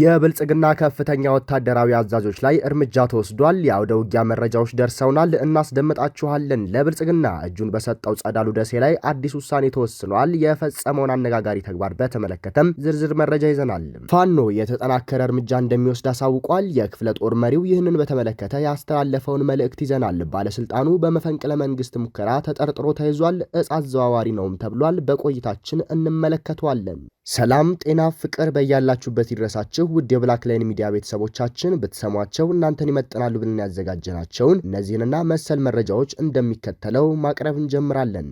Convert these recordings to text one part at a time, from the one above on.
የብልጽግና ከፍተኛ ወታደራዊ አዛዦች ላይ እርምጃ ተወስዷል። የአውደ ውጊያ መረጃዎች ደርሰውናል፣ እናስደምጣችኋለን። ለብልጽግና እጁን በሰጠው ጸዳሉ ደሴ ላይ አዲስ ውሳኔ ተወስኗል። የፈጸመውን አነጋጋሪ ተግባር በተመለከተም ዝርዝር መረጃ ይዘናል። ፋኖ የተጠናከረ እርምጃ እንደሚወስድ አሳውቋል። የክፍለ ጦር መሪው ይህንን በተመለከተ ያስተላለፈውን መልእክት ይዘናል። ባለስልጣኑ በመፈንቅለ መንግስት ሙከራ ተጠርጥሮ ተይዟል። እጽ አዘዋዋሪ ነውም ተብሏል። በቆይታችን እንመለከተዋለን። ሰላም ጤና ፍቅር በያላችሁበት ይድረሳችሁ ውድ የብላክ ላይን ሚዲያ ቤተሰቦቻችን ብትሰሟቸው እናንተን ይመጥናሉ ብለን ያዘጋጀናቸውን እነዚህንና መሰል መረጃዎች እንደሚከተለው ማቅረብ እንጀምራለን።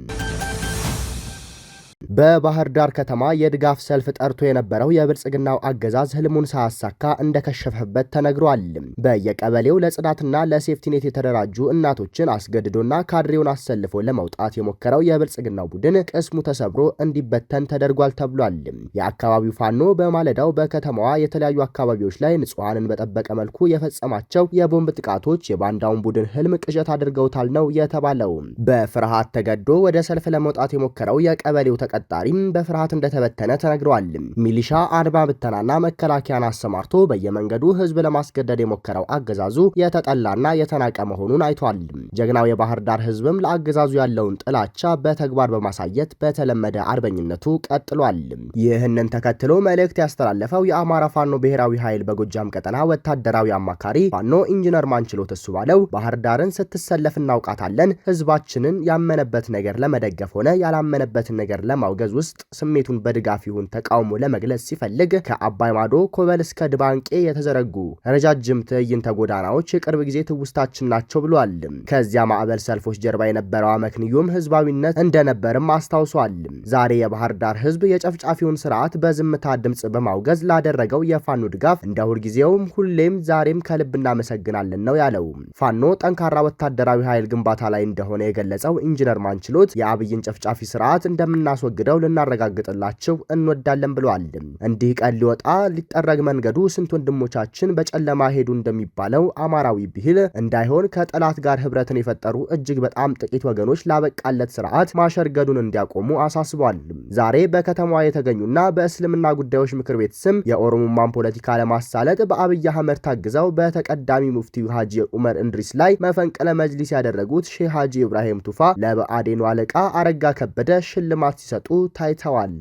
በባህር ዳር ከተማ የድጋፍ ሰልፍ ጠርቶ የነበረው የብልጽግናው አገዛዝ ህልሙን ሳያሳካ እንደከሸፈበት ተነግሯል። በየቀበሌው ለጽዳትና ለሴፍቲኔት የተደራጁ እናቶችን አስገድዶና ካድሬውን አሰልፎ ለመውጣት የሞከረው የብልጽግናው ቡድን ቅስሙ ተሰብሮ እንዲበተን ተደርጓል ተብሏል። የአካባቢው ፋኖ በማለዳው በከተማዋ የተለያዩ አካባቢዎች ላይ ንጹሐንን በጠበቀ መልኩ የፈጸማቸው የቦምብ ጥቃቶች የባንዳውን ቡድን ህልም ቅዠት አድርገውታል ነው የተባለው። በፍርሃት ተገዶ ወደ ሰልፍ ለመውጣት የሞከረው የቀበሌው ተቀ ተጠርጣሪም በፍርሃት እንደተበተነ ተነግረዋል። ሚሊሻ አድማ ብተናና መከላከያን አሰማርቶ በየመንገዱ ህዝብ ለማስገደድ የሞከረው አገዛዙ የተጠላና የተናቀ መሆኑን አይቷል። ጀግናው የባህር ዳር ህዝብም ለአገዛዙ ያለውን ጥላቻ በተግባር በማሳየት በተለመደ አርበኝነቱ ቀጥሏል። ይህንን ተከትሎ መልእክት ያስተላለፈው የአማራ ፋኖ ብሔራዊ ኃይል በጎጃም ቀጠና ወታደራዊ አማካሪ ፋኖ ኢንጂነር ማንችሎት እሱ ባለው ባህር ዳርን ስትሰለፍ እናውቃታለን፣ ህዝባችንን ያመነበት ነገር ለመደገፍ ሆነ ያላመነበትን ነገር ለማ ገዝ ውስጥ ስሜቱን በድጋፍ ይሁን ተቃውሞ ለመግለጽ ሲፈልግ ከአባይ ማዶ ኮበል እስከ ድባንቄ የተዘረጉ ረጃጅም ትዕይንተ ጎዳናዎች የቅርብ ጊዜ ትውስታችን ናቸው ብሏል። ከዚያ ማዕበል ሰልፎች ጀርባ የነበረው አመክንዮም ህዝባዊነት እንደነበርም አስታውሷል። ዛሬ የባህር ዳር ህዝብ የጨፍጫፊውን ስርዓት በዝምታ ድምፅ በማውገዝ ላደረገው የፋኖ ድጋፍ እንደ ሁልጊዜውም ሁሌም ዛሬም ከልብ እናመሰግናለን ነው ያለው። ፋኖ ጠንካራ ወታደራዊ ኃይል ግንባታ ላይ እንደሆነ የገለጸው ኢንጂነር ማንችሎት የአብይን ጨፍጫፊ ስርዓት እንደምናስወግ አስወግደው ልናረጋግጥላቸው እንወዳለን ብለዋል። እንዲህ ቀን ሊወጣ ሊጠረግ መንገዱ ስንት ወንድሞቻችን በጨለማ ሄዱ እንደሚባለው አማራዊ ብሂል እንዳይሆን ከጠላት ጋር ህብረትን የፈጠሩ እጅግ በጣም ጥቂት ወገኖች ላበቃለት ስርዓት ማሸርገዱን እንዲያቆሙ አሳስቧል። ዛሬ በከተማዋ የተገኙና በእስልምና ጉዳዮች ምክር ቤት ስም የኦሮሞማን ፖለቲካ ለማሳለጥ በአብይ አህመድ ታግዘው በተቀዳሚ ሙፍቲ ሀጂ ዑመር እንድሪስ ላይ መፈንቅለ መጅሊስ ያደረጉት ሼህ ሀጂ ኢብራሂም ቱፋ ለበአዴኑ አለቃ አረጋ ከበደ ሽልማት ሲሰጡ ሲሰጡ ታይተዋል።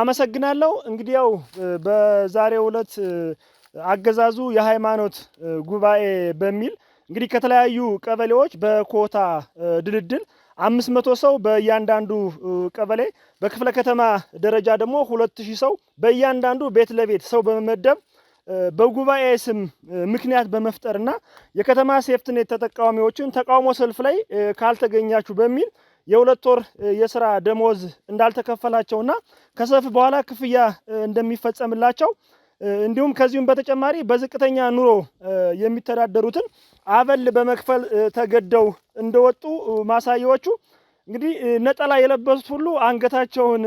አመሰግናለሁ። እንግዲህ ያው በዛሬው ዕለት አገዛዙ የሃይማኖት ጉባኤ በሚል እንግዲህ ከተለያዩ ቀበሌዎች በኮታ ድልድል አምስት መቶ ሰው በእያንዳንዱ ቀበሌ በክፍለ ከተማ ደረጃ ደግሞ ሁለት ሺህ ሰው በእያንዳንዱ ቤት ለቤት ሰው በመመደብ በጉባኤ ስም ምክንያት በመፍጠርና የከተማ ሴፍትኔት ተጠቃሚዎችን ተቃውሞ ሰልፍ ላይ ካልተገኛችሁ በሚል የሁለት ወር የስራ ደሞዝ እንዳልተከፈላቸውና ከሰልፍ በኋላ ክፍያ እንደሚፈጸምላቸው እንዲሁም ከዚሁም በተጨማሪ በዝቅተኛ ኑሮ የሚተዳደሩትን አበል በመክፈል ተገደው እንደወጡ ማሳያዎቹ እንግዲህ ነጠላ የለበሱት ሁሉ አንገታቸውን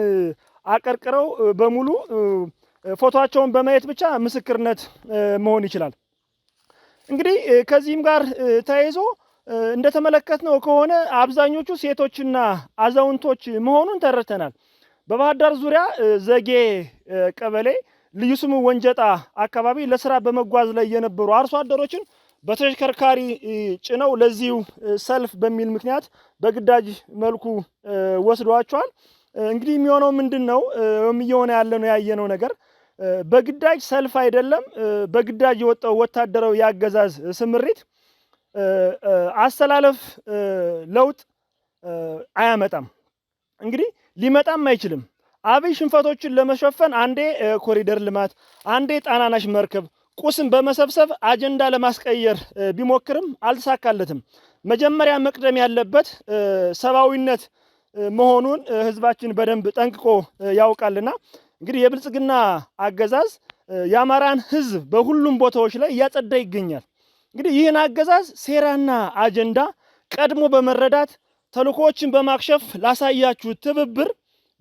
አቀርቅረው በሙሉ ፎቶቸውን በማየት ብቻ ምስክርነት መሆን ይችላል። እንግዲህ ከዚህም ጋር ተያይዞ እንደተመለከትነው ከሆነ አብዛኞቹ ሴቶችና አዛውንቶች መሆኑን ተረድተናል። በባህር ዳር ዙሪያ ዘጌ ቀበሌ ልዩ ስሙ ወንጀጣ አካባቢ ለስራ በመጓዝ ላይ የነበሩ አርሶ አደሮችን በተሽከርካሪ ጭነው ለዚሁ ሰልፍ በሚል ምክንያት በግዳጅ መልኩ ወስደዋቸዋል። እንግዲህ የሚሆነው ምንድን ነው? እየሆነ ያለ ነው ያየነው ነገር በግዳጅ ሰልፍ አይደለም። በግዳጅ የወጣው ወታደራዊ የአገዛዝ ስምሪት አሰላለፍ ለውጥ አያመጣም። እንግዲህ ሊመጣም አይችልም። አብይ ሽንፈቶችን ለመሸፈን አንዴ ኮሪደር ልማት፣ አንዴ ጣናናሽ መርከብ ቁስን በመሰብሰብ አጀንዳ ለማስቀየር ቢሞክርም አልተሳካለትም። መጀመሪያ መቅደም ያለበት ሰብአዊነት መሆኑን ህዝባችን በደንብ ጠንቅቆ ያውቃልና እንግዲህ የብልጽግና አገዛዝ የአማራን ህዝብ በሁሉም ቦታዎች ላይ እያጸዳ ይገኛል። እንግዲህ ይህን አገዛዝ ሴራና አጀንዳ ቀድሞ በመረዳት ተልኮዎችን በማክሸፍ ላሳያችሁ ትብብር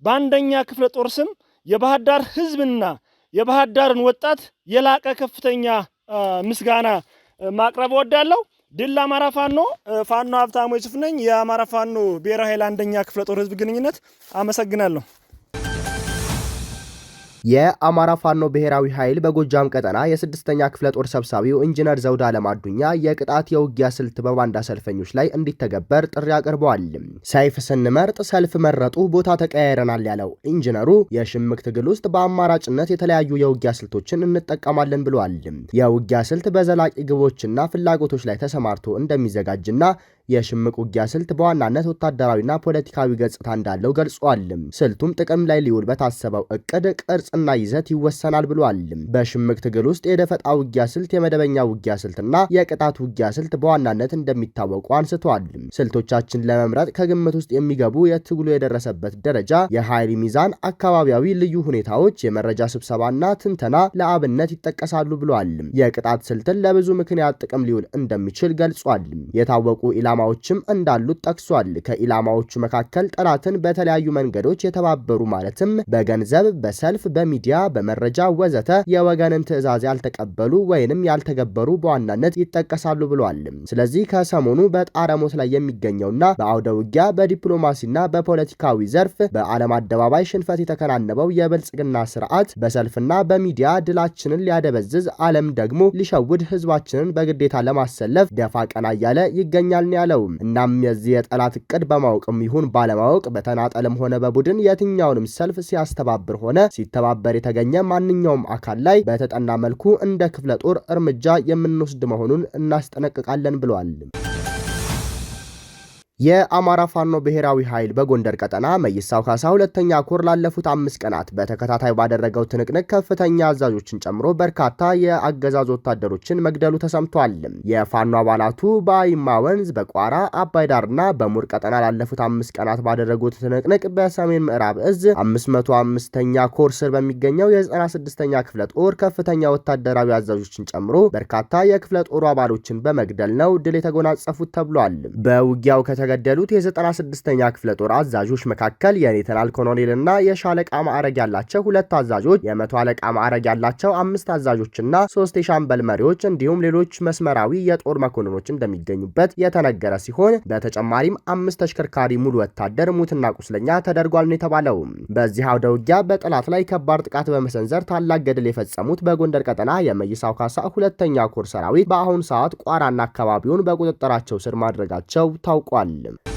በአንደኛ ክፍለ ጦር ስም የባህር ዳር ህዝብና የባህር ዳርን ወጣት የላቀ ከፍተኛ ምስጋና ማቅረብ እወዳለሁ። ድል አማራ ፋኖ። ፋኖ ሀብታሙ ዩሱፍ ነኝ፣ የአማራ ፋኖ ብሔራዊ ኃይል አንደኛ ክፍለ ጦር ህዝብ ግንኙነት። አመሰግናለሁ። የአማራ ፋኖ ብሔራዊ ኃይል በጎጃም ቀጠና የስድስተኛ ክፍለ ጦር ሰብሳቢው ኢንጂነር ዘውድ አለማዱኛ የቅጣት የውጊያ ስልት በባንዳ ሰልፈኞች ላይ እንዲተገበር ጥሪ አቅርበዋል። ሰይፍ ስንመርጥ ሰልፍ መረጡ ቦታ ተቀያይረናል ያለው ኢንጂነሩ የሽምቅ ትግል ውስጥ በአማራጭነት የተለያዩ የውጊያ ስልቶችን እንጠቀማለን ብለዋል። የውጊያ ስልት በዘላቂ ግቦችና ፍላጎቶች ላይ ተሰማርቶ እንደሚዘጋጅና የሽምቅ ውጊያ ስልት በዋናነት ወታደራዊና ፖለቲካዊ ገጽታ እንዳለው ገልጿል። ስልቱም ጥቅም ላይ ሊውል በታሰበው እቅድ ቅርጽና ይዘት ይወሰናል ብሏል። በሽምቅ ትግል ውስጥ የደፈጣ ውጊያ ስልት፣ የመደበኛ ውጊያ ስልትና የቅጣት ውጊያ ስልት በዋናነት እንደሚታወቁ አንስቷል። ስልቶቻችን ለመምረጥ ከግምት ውስጥ የሚገቡ የትግሉ የደረሰበት ደረጃ፣ የኃይል ሚዛን፣ አካባቢያዊ ልዩ ሁኔታዎች፣ የመረጃ ስብሰባና ትንተና ለአብነት ይጠቀሳሉ ብሏል። የቅጣት ስልትን ለብዙ ምክንያት ጥቅም ሊውል እንደሚችል ገልጿል። የታወቁ ኢላማ ኢላማዎችም እንዳሉት ጠቅሷል። ከኢላማዎቹ መካከል ጠላትን በተለያዩ መንገዶች የተባበሩ ማለትም በገንዘብ፣ በሰልፍ፣ በሚዲያ፣ በመረጃ ወዘተ የወገንን ትዕዛዝ ያልተቀበሉ ወይንም ያልተገበሩ በዋናነት ይጠቀሳሉ ብሏል። ስለዚህ ከሰሞኑ በጣረሞት ላይ የሚገኘውና በአውደ ውጊያ በዲፕሎማሲና በፖለቲካዊ ዘርፍ በዓለም አደባባይ ሽንፈት የተከናነበው የብልጽግና ስርዓት በሰልፍና በሚዲያ ድላችንን ሊያደበዝዝ ዓለም ደግሞ ሊሸውድ ህዝባችንን በግዴታ ለማሰለፍ ደፋ ቀና እያለ ይገኛል። አለው። እናም የዚህ የጠላት እቅድ በማወቅም ይሁን ባለማወቅ በተናጠልም ሆነ በቡድን የትኛውንም ሰልፍ ሲያስተባብር ሆነ ሲተባበር የተገኘ ማንኛውም አካል ላይ በተጠና መልኩ እንደ ክፍለ ጦር እርምጃ የምንወስድ መሆኑን እናስጠነቅቃለን ብሏል። የአማራ ፋኖ ብሔራዊ ኃይል በጎንደር ቀጠና መይሳው ካሳ ሁለተኛ ኮር ላለፉት አምስት ቀናት በተከታታይ ባደረገው ትንቅንቅ ከፍተኛ አዛዦችን ጨምሮ በርካታ የአገዛዝ ወታደሮችን መግደሉ ተሰምቷል። የፋኖ አባላቱ በአይማ ወንዝ፣ በቋራ አባይ ዳርና በሙር ቀጠና ላለፉት አምስት ቀናት ባደረጉት ትንቅንቅ በሰሜን ምዕራብ እዝ 55 ኛ ኮር ስር በሚገኘው የ96ኛ ክፍለ ጦር ከፍተኛ ወታደራዊ አዛዦችን ጨምሮ በርካታ የክፍለ ጦሩ አባሎችን በመግደል ነው ድል የተጎናጸፉት ተብሏል። በውጊያው ከተ ከተገደሉት የ96ኛ ክፍለ ጦር አዛዦች መካከል የሌተናል ኮሎኔልና የሻለቃ ማዕረግ ያላቸው ሁለት አዛዦች፣ የመቶ አለቃ ማዕረግ ያላቸው አምስት አዛዦችና ሶስት የሻምበል መሪዎች እንዲሁም ሌሎች መስመራዊ የጦር መኮንኖች እንደሚገኙበት የተነገረ ሲሆን በተጨማሪም አምስት ተሽከርካሪ ሙሉ ወታደር ሙትና ቁስለኛ ተደርጓል ነው የተባለው። በዚህ አውደ ውጊያ በጠላት ላይ ከባድ ጥቃት በመሰንዘር ታላቅ ገድል የፈጸሙት በጎንደር ቀጠና የመይሳው ካሳ ሁለተኛ ኮር ሰራዊት በአሁኑ ሰዓት ቋራና አካባቢውን በቁጥጥራቸው ስር ማድረጋቸው ታውቋል። وسلم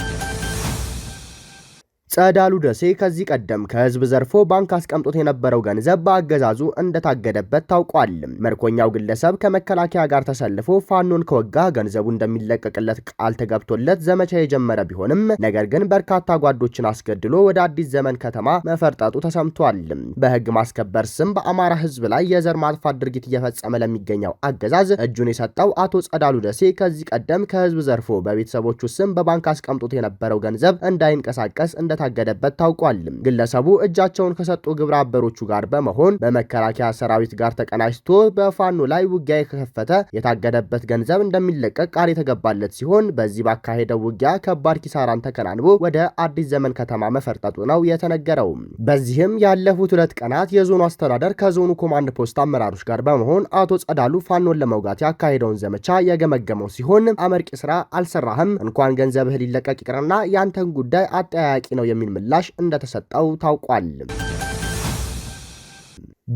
ጸዳሉ ደሴ ከዚህ ቀደም ከህዝብ ዘርፎ ባንክ አስቀምጦት የነበረው ገንዘብ በአገዛዙ እንደታገደበት ታውቋል። መርኮኛው ግለሰብ ከመከላከያ ጋር ተሰልፎ ፋኖን ከወጋ ገንዘቡ እንደሚለቀቅለት ቃል ተገብቶለት ዘመቻ የጀመረ ቢሆንም ነገር ግን በርካታ ጓዶችን አስገድሎ ወደ አዲስ ዘመን ከተማ መፈርጠጡ ተሰምቷል። በህግ ማስከበር ስም በአማራ ህዝብ ላይ የዘር ማጥፋት ድርጊት እየፈጸመ ለሚገኘው አገዛዝ እጁን የሰጠው አቶ ጸዳሉ ደሴ ከዚህ ቀደም ከህዝብ ዘርፎ በቤተሰቦቹ ስም በባንክ አስቀምጦት የነበረው ገንዘብ እንዳይንቀሳቀስ እንደ እንደታገደበት ታውቋል። ግለሰቡ እጃቸውን ከሰጡ ግብረ አበሮቹ ጋር በመሆን በመከላከያ ሰራዊት ጋር ተቀናጅቶ በፋኖ ላይ ውጊያ የከፈተ የታገደበት ገንዘብ እንደሚለቀቅ ቃል የተገባለት ሲሆን በዚህ ባካሄደው ውጊያ ከባድ ኪሳራን ተከናንቦ ወደ አዲስ ዘመን ከተማ መፈርጠጡ ነው የተነገረው። በዚህም ያለፉት ሁለት ቀናት የዞኑ አስተዳደር ከዞኑ ኮማንድ ፖስት አመራሮች ጋር በመሆን አቶ ጸዳሉ ፋኖን ለመውጋት ያካሄደውን ዘመቻ የገመገመው ሲሆን አመርቂ ስራ አልሰራህም፣ እንኳን ገንዘብህ ሊለቀቅ ይቅርና ያንተን ጉዳይ አጠያያቂ ነው የሚል ምላሽ እንደተሰጠው ታውቋል።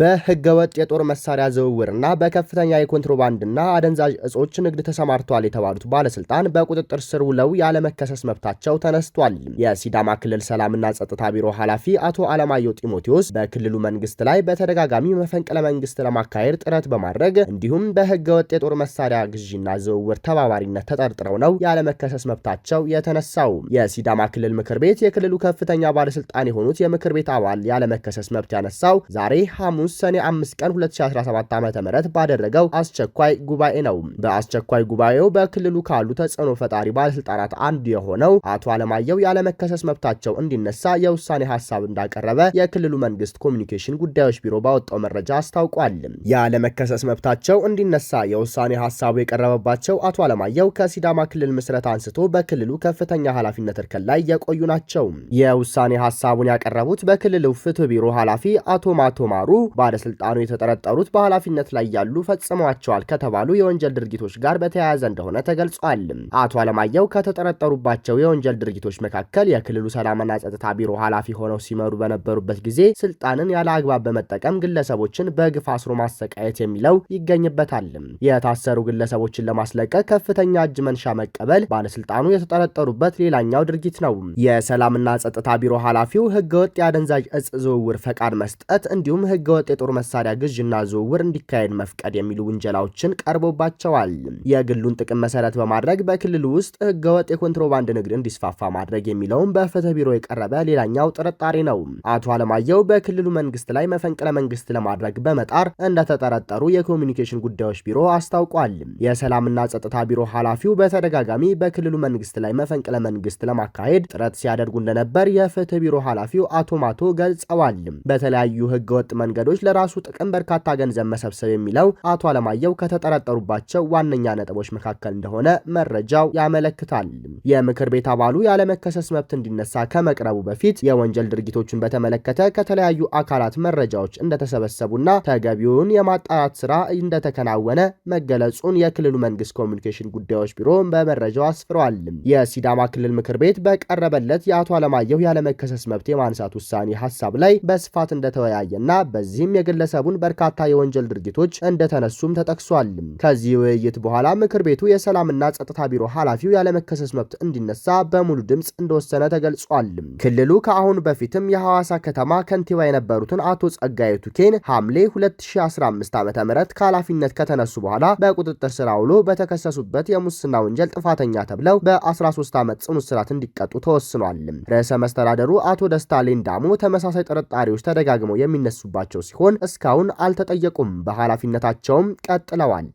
በህገወጥ የጦር መሳሪያ ዝውውርና በከፍተኛ የኮንትሮባንድና አደንዛዥ እጾች ንግድ ተሰማርተዋል የተባሉት ባለስልጣን በቁጥጥር ስር ውለው ያለመከሰስ መብታቸው ተነስቷል። የሲዳማ ክልል ሰላምና ጸጥታ ቢሮ ኃላፊ አቶ አለማየሁ ጢሞቴዎስ በክልሉ መንግስት ላይ በተደጋጋሚ መፈንቅለ መንግስት ለማካሄድ ጥረት በማድረግ እንዲሁም በህገወጥ የጦር መሳሪያ ግዢና ዝውውር ተባባሪነት ተጠርጥረው ነው ያለመከሰስ መብታቸው የተነሳው። የሲዳማ ክልል ምክር ቤት የክልሉ ከፍተኛ ባለስልጣን የሆኑት የምክር ቤት አባል ያለመከሰስ መብት ያነሳው ዛሬ ሐሙስ ሐሙስ ሰኔ 5 ቀን 2017 ዓ.ም ባደረገው አስቸኳይ ጉባኤ ነው። በአስቸኳይ ጉባኤው በክልሉ ካሉ ተጽዕኖ ፈጣሪ ባለስልጣናት አንዱ የሆነው አቶ አለማየሁ ያለመከሰስ መብታቸው እንዲነሳ የውሳኔ ሀሳብ እንዳቀረበ የክልሉ መንግስት ኮሚኒኬሽን ጉዳዮች ቢሮ ባወጣው መረጃ አስታውቋል። ያለመከሰስ መብታቸው እንዲነሳ የውሳኔ ሀሳቡ የቀረበባቸው አቶ አለማየሁ ከሲዳማ ክልል ምስረት አንስቶ በክልሉ ከፍተኛ ኃላፊነት እርከን ላይ የቆዩ ናቸው። የውሳኔ ሀሳቡን ያቀረቡት በክልሉ ፍትህ ቢሮ ኃላፊ አቶ ማቶ ማሩ ባለስልጣኑ የተጠረጠሩት በኃላፊነት ላይ ያሉ ፈጽመዋቸዋል ከተባሉ የወንጀል ድርጊቶች ጋር በተያያዘ እንደሆነ ተገልጿል። አቶ አለማየሁ ከተጠረጠሩባቸው የወንጀል ድርጊቶች መካከል የክልሉ ሰላምና ጸጥታ ቢሮ ኃላፊ ሆነው ሲመሩ በነበሩበት ጊዜ ስልጣንን ያለ አግባብ በመጠቀም ግለሰቦችን በግፍ አስሮ ማሰቃየት የሚለው ይገኝበታል። የታሰሩ ግለሰቦችን ለማስለቀቅ ከፍተኛ እጅ መንሻ መቀበል ባለስልጣኑ የተጠረጠሩበት ሌላኛው ድርጊት ነው። የሰላምና ጸጥታ ቢሮ ኃላፊው ህገወጥ የአደንዛዥ እጽ ዝውውር ፈቃድ መስጠት እንዲሁም ህገወጥ ህገወጥ የጦር መሳሪያ ግዥና ዝውውር እንዲካሄድ መፍቀድ የሚሉ ውንጀላዎችን ቀርቦባቸዋል። የግሉን ጥቅም መሰረት በማድረግ በክልሉ ውስጥ ህገወጥ የኮንትሮባንድ ንግድ እንዲስፋፋ ማድረግ የሚለውም በፍትህ ቢሮ የቀረበ ሌላኛው ጥርጣሬ ነው። አቶ አለማየሁ በክልሉ መንግስት ላይ መፈንቅለ መንግስት ለማድረግ በመጣር እንደተጠረጠሩ የኮሚኒኬሽን ጉዳዮች ቢሮ አስታውቋል። የሰላምና ጸጥታ ቢሮ ኃላፊው በተደጋጋሚ በክልሉ መንግስት ላይ መፈንቅለ መንግስት ለማካሄድ ጥረት ሲያደርጉ እንደነበር የፍትህ ቢሮ ኃላፊው አቶ ማቶ ገልጸዋል። በተለያዩ ህገወጥ መንገድ መንገዶች ለራሱ ጥቅም በርካታ ገንዘብ መሰብሰብ የሚለው አቶ አለማየሁ ከተጠረጠሩባቸው ዋነኛ ነጥቦች መካከል እንደሆነ መረጃው ያመለክታል። የምክር ቤት አባሉ ያለመከሰስ መብት እንዲነሳ ከመቅረቡ በፊት የወንጀል ድርጊቶቹን በተመለከተ ከተለያዩ አካላት መረጃዎች እንደተሰበሰቡና ተገቢውን የማጣራት ስራ እንደተከናወነ መገለጹን የክልሉ መንግስት ኮሚኒኬሽን ጉዳዮች ቢሮ በመረጃው አስፍሯል። የሲዳማ ክልል ምክር ቤት በቀረበለት የአቶ አለማየሁ ያለመከሰስ መብት የማንሳት ውሳኔ ሀሳብ ላይ በስፋት እንደተወያየና በዚህ በዚህም የግለሰቡን በርካታ የወንጀል ድርጊቶች እንደተነሱም ተጠቅሷል። ከዚህ ውይይት በኋላ ምክር ቤቱ የሰላምና ጸጥታ ቢሮ ኃላፊው ያለመከሰስ መብት እንዲነሳ በሙሉ ድምፅ እንደወሰነ ተገልጿል። ክልሉ ከአሁን በፊትም የሐዋሳ ከተማ ከንቲባ የነበሩትን አቶ ጸጋዬ ቱኬን ሐምሌ 2015 ዓ ም ከኃላፊነት ከተነሱ በኋላ በቁጥጥር ስር አውሎ በተከሰሱበት የሙስና ወንጀል ጥፋተኛ ተብለው በ13 ዓመት ጽኑ እስራት እንዲቀጡ ተወስኗል። ርዕሰ መስተዳደሩ አቶ ደስታ ሌንዳሞ ተመሳሳይ ጥርጣሬዎች ተደጋግመው የሚነሱባቸው ሲሆን እስካሁን አልተጠየቁም፣ በኃላፊነታቸውም ቀጥለዋል።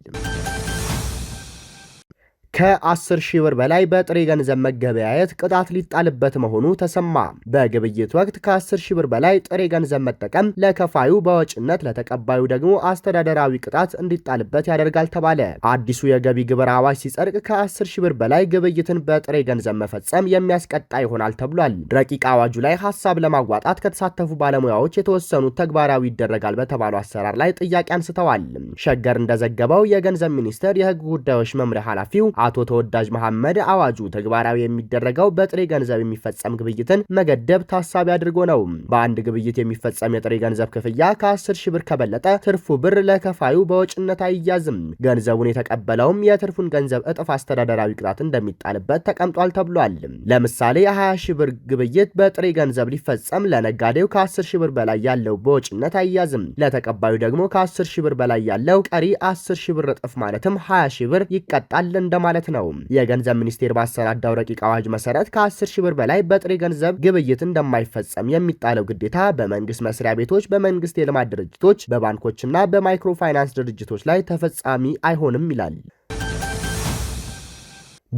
ከ10 ሺህ ብር በላይ በጥሬ ገንዘብ መገበያየት ቅጣት ሊጣልበት መሆኑ ተሰማ። በግብይት ወቅት ከ10 ሺህ ብር በላይ ጥሬ ገንዘብ መጠቀም ለከፋዩ በወጭነት ለተቀባዩ ደግሞ አስተዳደራዊ ቅጣት እንዲጣልበት ያደርጋል ተባለ። አዲሱ የገቢ ግብር አዋጅ ሲጸድቅ ከ10 ሺህ ብር በላይ ግብይትን በጥሬ ገንዘብ መፈጸም የሚያስቀጣ ይሆናል ተብሏል። ረቂቅ አዋጁ ላይ ሀሳብ ለማዋጣት ከተሳተፉ ባለሙያዎች የተወሰኑት ተግባራዊ ይደረጋል በተባለው አሰራር ላይ ጥያቄ አንስተዋል። ሸገር እንደዘገበው የገንዘብ ሚኒስቴር የህግ ጉዳዮች መምሪያ ኃላፊው አቶ ተወዳጅ መሐመድ አዋጁ ተግባራዊ የሚደረገው በጥሬ ገንዘብ የሚፈጸም ግብይትን መገደብ ታሳቢ አድርጎ ነው። በአንድ ግብይት የሚፈጸም የጥሬ ገንዘብ ክፍያ ከ10 ሺህ ብር ከበለጠ ትርፉ ብር ለከፋዩ በወጭነት አይያዝም። ገንዘቡን የተቀበለውም የትርፉን ገንዘብ እጥፍ አስተዳደራዊ ቅጣት እንደሚጣልበት ተቀምጧል ተብሏል። ለምሳሌ የ20 ሺህ ብር ግብይት በጥሬ ገንዘብ ሊፈጸም ለነጋዴው ከ10 ሺህ ብር በላይ ያለው በወጭነት አይያዝም። ለተቀባዩ ደግሞ ከ10 ሺህ ብር በላይ ያለው ቀሪ 10 ሺህ ብር እጥፍ ማለትም 20 ሺህ ብር ይቀጣል እንደማለት ማለት ነው። የገንዘብ ሚኒስቴር ባሰናዳው ረቂቅ አዋጅ መሰረት ከ10 ሺህ ብር በላይ በጥሬ ገንዘብ ግብይት እንደማይፈጸም የሚጣለው ግዴታ በመንግስት መስሪያ ቤቶች፣ በመንግስት የልማት ድርጅቶች፣ በባንኮችና በማይክሮ ፋይናንስ ድርጅቶች ላይ ተፈጻሚ አይሆንም ይላል።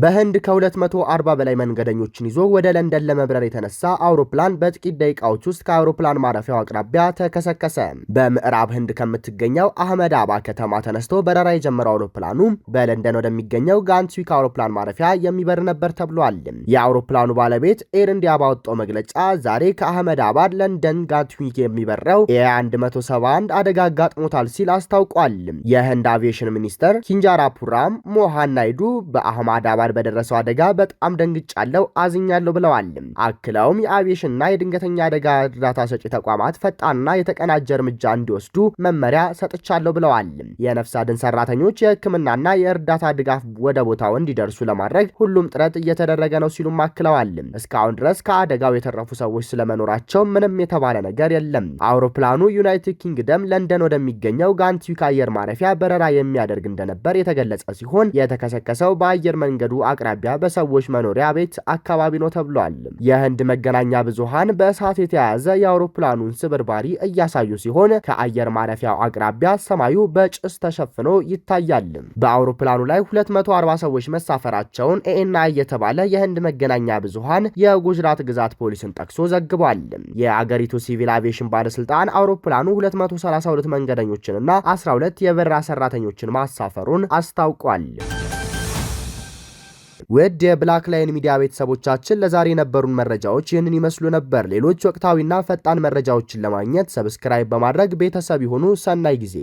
በህንድ ከ240 በላይ መንገደኞችን ይዞ ወደ ለንደን ለመብረር የተነሳ አውሮፕላን በጥቂት ደቂቃዎች ውስጥ ከአውሮፕላን ማረፊያው አቅራቢያ ተከሰከሰ። በምዕራብ ህንድ ከምትገኘው አህመድ አባ ከተማ ተነስቶ በረራ የጀመረው አውሮፕላኑ በለንደን ወደሚገኘው ጋንትዊክ አውሮፕላን ማረፊያ የሚበር ነበር ተብሏል። የአውሮፕላኑ ባለቤት ኤር እንዲያ ባወጣው መግለጫ ዛሬ ከአህመድ አባድ ለንደን ጋንትዊክ የሚበረው የ 171 አደጋ አጋጥሞታል ሲል አስታውቋል። የህንድ አቪዬሽን ሚኒስተር ኪንጃራፑራም ሞሃን ናይዱ በአህመድ አባል በደረሰው አደጋ በጣም ደንግጫለው፣ አዝኛለሁ ብለዋል። አክለውም የአቪሽንና የድንገተኛ አደጋ እርዳታ ሰጪ ተቋማት ፈጣንና የተቀናጀ እርምጃ እንዲወስዱ መመሪያ ሰጥቻለሁ ብለዋል። የነፍስ አድን ሰራተኞች የሕክምናና የእርዳታ ድጋፍ ወደ ቦታው እንዲደርሱ ለማድረግ ሁሉም ጥረት እየተደረገ ነው ሲሉም አክለዋል። እስካሁን ድረስ ከአደጋው የተረፉ ሰዎች ስለመኖራቸው ምንም የተባለ ነገር የለም። አውሮፕላኑ ዩናይትድ ኪንግደም ለንደን ወደሚገኘው ጋንትዊክ አየር ማረፊያ በረራ የሚያደርግ እንደነበር የተገለጸ ሲሆን የተከሰከሰው በአየር መንገዱ መንገዱ አቅራቢያ በሰዎች መኖሪያ ቤት አካባቢ ነው ተብሏል። የህንድ መገናኛ ብዙሃን በእሳት የተያያዘ የአውሮፕላኑን ስብርባሪ እያሳዩ ሲሆን ከአየር ማረፊያው አቅራቢያ ሰማዩ በጭስ ተሸፍኖ ይታያል። በአውሮፕላኑ ላይ 240 ሰዎች መሳፈራቸውን ኤኤንአይ የተባለ የህንድ መገናኛ ብዙሃን የጉጅራት ግዛት ፖሊስን ጠቅሶ ዘግቧል። የአገሪቱ ሲቪል አቪዬሽን ባለስልጣን አውሮፕላኑ 232 መንገደኞችንና 12 የበረራ ሰራተኞችን ማሳፈሩን አስታውቋል። ውድ የብላክ ላይን ሚዲያ ቤተሰቦቻችን ለዛሬ የነበሩን መረጃዎች ይህንን ይመስሉ ነበር። ሌሎች ወቅታዊና ፈጣን መረጃዎችን ለማግኘት ሰብስክራይብ በማድረግ ቤተሰብ ይሁኑ። ሰናይ ጊዜ